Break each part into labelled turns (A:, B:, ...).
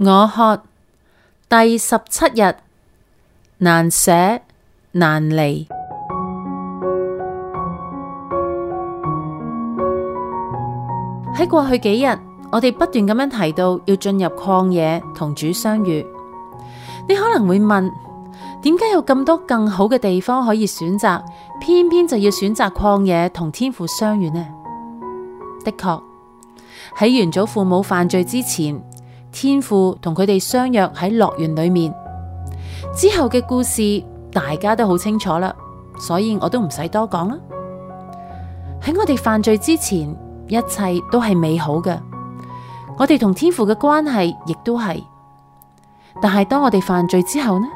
A: 我渴第十七日難捨難離。喺 過去幾日，我哋不斷咁樣提到要進入曠野同主相遇。你可能會問，點解有咁多更好嘅地方可以選擇，偏偏就要選擇曠野同天父相遇呢？的確，喺原祖父母犯罪之前。天父同佢哋相約喺樂園裏面，之後嘅故事大家都好清楚啦，所以我都唔使多講啦。喺我哋犯罪之前，一切都係美好嘅，我哋同天父嘅關係亦都係。但係當我哋犯罪之後呢，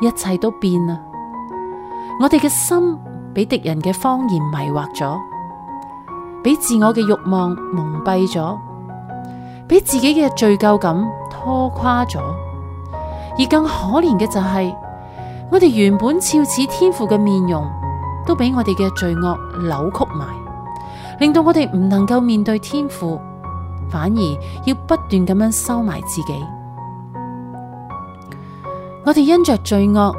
A: 一切都變啦。我哋嘅心俾敵人嘅謊言迷惑咗，俾自我嘅慾望蒙蔽咗。俾自己嘅罪疚感拖垮咗，而更可憐嘅就係、是、我哋原本肖似天父嘅面容，都俾我哋嘅罪惡扭曲埋，令到我哋唔能夠面對天父，反而要不斷咁樣收埋自己。我哋因着罪惡，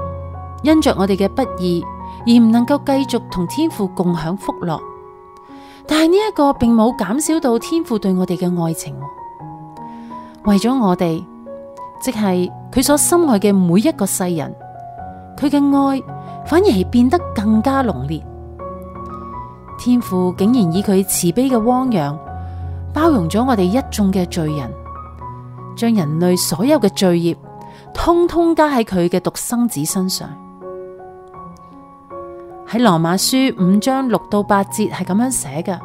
A: 因着我哋嘅不義，而唔能夠繼續同天父共享福樂，但係呢一個並冇減少到天父對我哋嘅愛情。為咗我哋，即係佢所心愛嘅每一個世人，佢嘅愛反而係變得更加濃烈。天父竟然以佢慈悲嘅汪洋，包容咗我哋一眾嘅罪人，將人類所有嘅罪孽通通加喺佢嘅獨生子身上。喺羅馬書五章六到八節係咁樣寫嘅：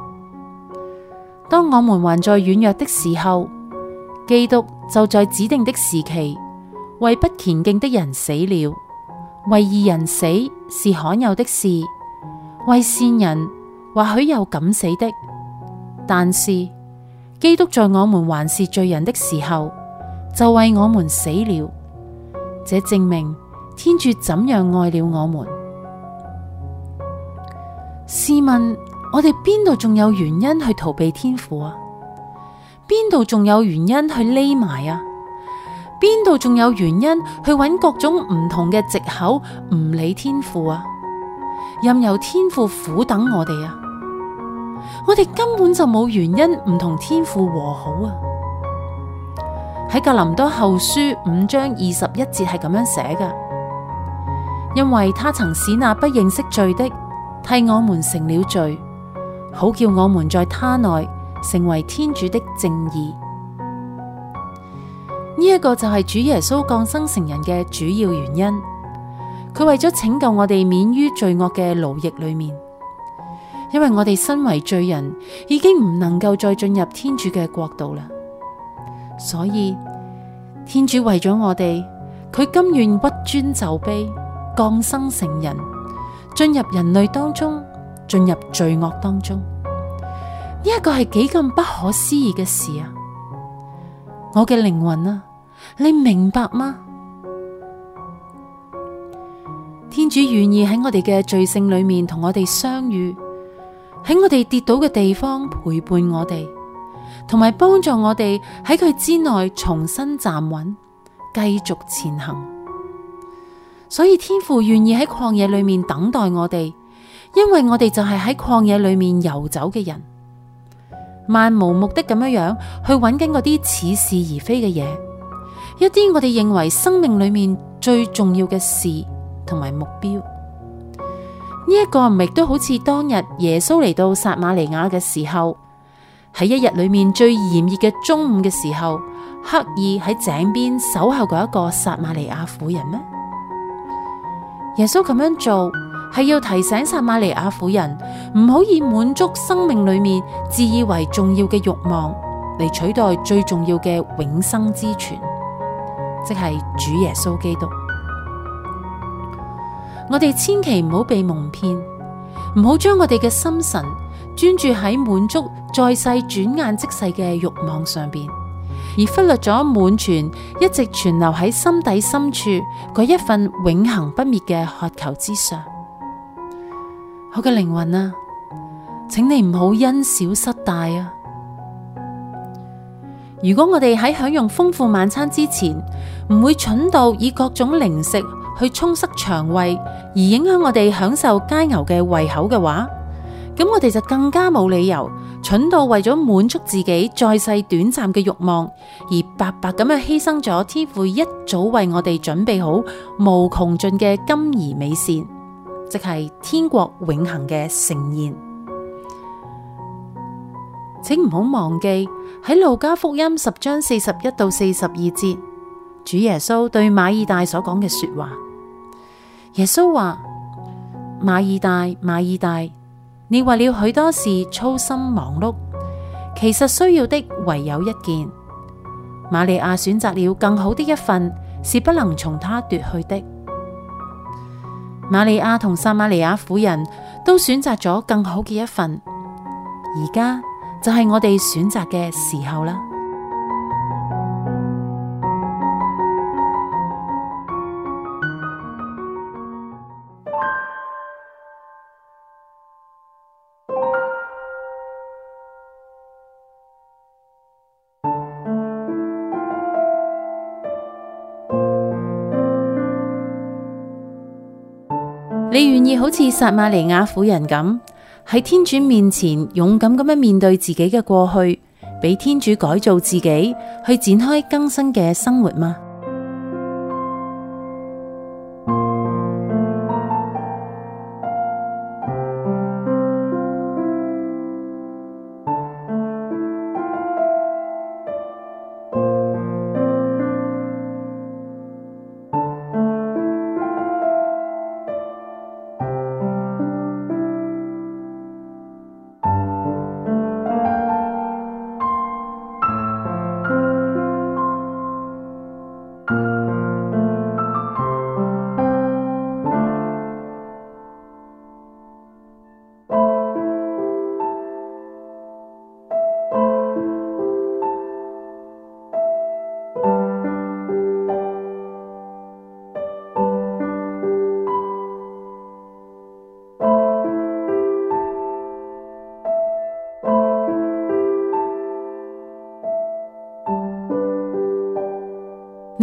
A: 「當我們還在軟弱的時候。基督就在指定的時期為不虔敬的人死了，為義人死是罕有的事，為善人或許有敢死的，但是基督在我們還是罪人的時候就為我們死了，這證明天主怎樣愛了我們。試問我哋邊度仲有原因去逃避天父啊？邊度仲有原因去匿埋啊？邊度仲有原因去搵各種唔同嘅借口唔理天父啊？任由天父苦等我哋啊！我哋根本就冇原因唔同天父和好啊！喺格林多後書五章二十一節係咁樣寫噶，因為他曾使那不認識罪的替我們成了罪，好叫我們在他內。成為天主的正義，呢一個就係主耶穌降生成人嘅主要原因。佢為咗拯救我哋免於罪惡嘅奴役裏面，因為我哋身為罪人，已經唔能夠再進入天主嘅國度啦。所以天主為咗我哋，佢甘願屈尊就卑，降生成人，進入人類當中，進入罪惡當中。呢一個係幾咁不可思議嘅事啊！我嘅靈魂啊，你明白嗎？天主願意喺我哋嘅罪性裏面同我哋相遇，喺我哋跌倒嘅地方陪伴我哋，同埋幫助我哋喺佢之內重新站穩，繼續前行。所以天父願意喺曠野裏面等待我哋，因為我哋就係喺曠野裏面遊走嘅人。漫無目的咁樣樣去揾緊嗰啲似是而非嘅嘢，一啲我哋認為生命裏面最重要嘅事同埋目標，呢、這、一個唔亦都好似當日耶穌嚟到撒瑪黎雅嘅時候，喺一日裏面最炎熱嘅中午嘅時候，刻意喺井邊守候嗰一個撒瑪黎雅婦人咩？耶穌咁樣做。係要提醒撒瑪黎雅婦人，唔好以滿足生命裏面自以為重要嘅慾望嚟，取代最重要嘅永生之泉，即係主耶穌基督。 我哋千祈唔好被蒙騙，唔好將我哋嘅心神專注喺滿足在世轉眼即逝嘅慾望上邊，而忽略咗滿全一直存留喺心底深處嗰一份永恆不滅嘅渴求之上。我嘅靈魂啊，請你唔好因小失大啊！如果我哋喺享用豐富晚餐之前，唔會蠢到以各種零食去充塞腸胃，而影響我哋享受佳餚嘅胃口嘅話，咁我哋就更加冇理由蠢到為咗滿足自己在世短暫嘅慾望，而白白咁樣犧牲咗天父一早為我哋準備好無窮盡嘅甘飴美善。即係天國永恒嘅盛宴，請唔好忘記喺路加福音十章四十一到四十二節，主耶穌對馬爾大所講嘅說話。耶穌話：馬爾大，馬爾大，你為了許多事操心忙碌，其實需要的唯有一件。瑪利亞選擇了更好嘅一份，是不能從她奪去的。瑪利亞同撒瑪黎雅婦人都選擇咗更好嘅一份，而家就係我哋選擇嘅時候啦。你願意好似撒瑪黎雅婦人咁，喺天主面前勇敢咁樣面對自己嘅過去，俾天主改造自己，去展開更新嘅生活嗎？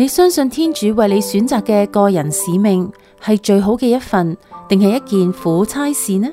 A: 你相信天主為你選擇嘅個人使命係最好嘅一份，定係一件苦差事呢？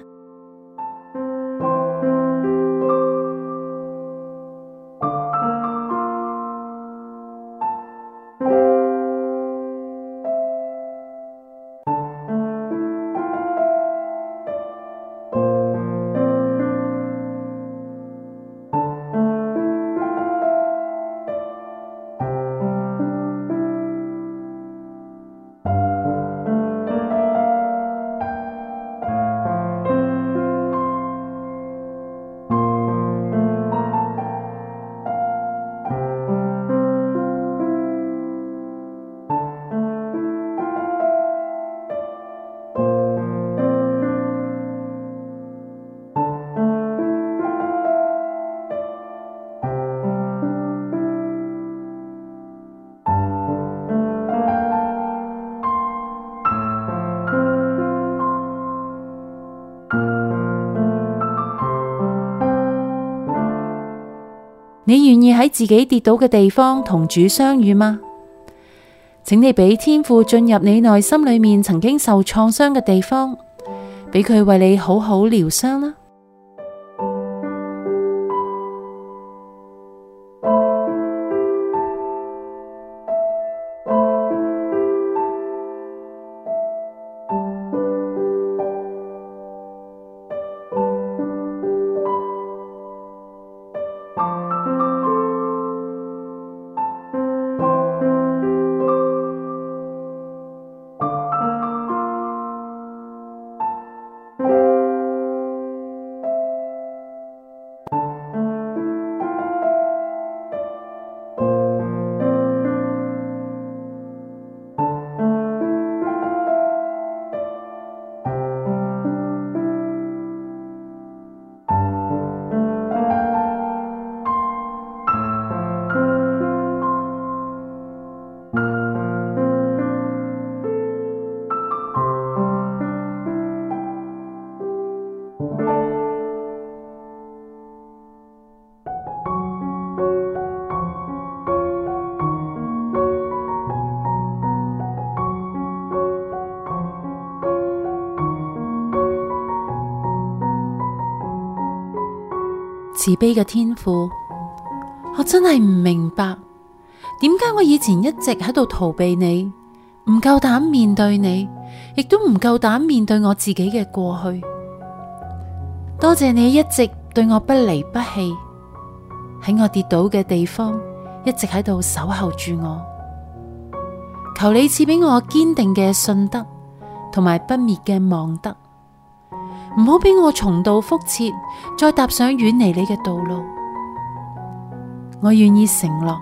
A: 你願意喺自己跌倒嘅地方同主相遇嗎？請你俾天父進入你內心裏面曾經受創傷嘅地方，俾佢為你好好療傷啦。慈悲嘅天父，我真係唔明白，點解我以前一直喺度逃避你，唔夠膽面對你，亦都唔夠膽面對我自己嘅過去。多謝你一直對我不離不棄，喺我跌倒嘅地方一直喺度守候住我。求你賜俾我堅定嘅信德，同埋不滅嘅望德。唔好俾我重蹈覆轍，再踏上遠離你嘅道路。我願意承諾，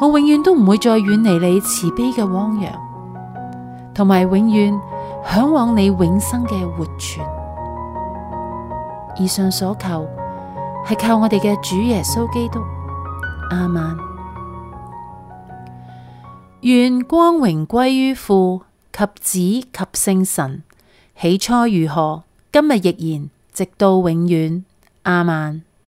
A: 我永遠都唔會再遠離你慈悲嘅汪洋，同埋永遠向往你永生嘅活泉。以上所求係靠我哋嘅主耶穌基督。亞孟，願光榮歸於父及子及聖神。起初如何，今日亦然，直到永遠。亞孟。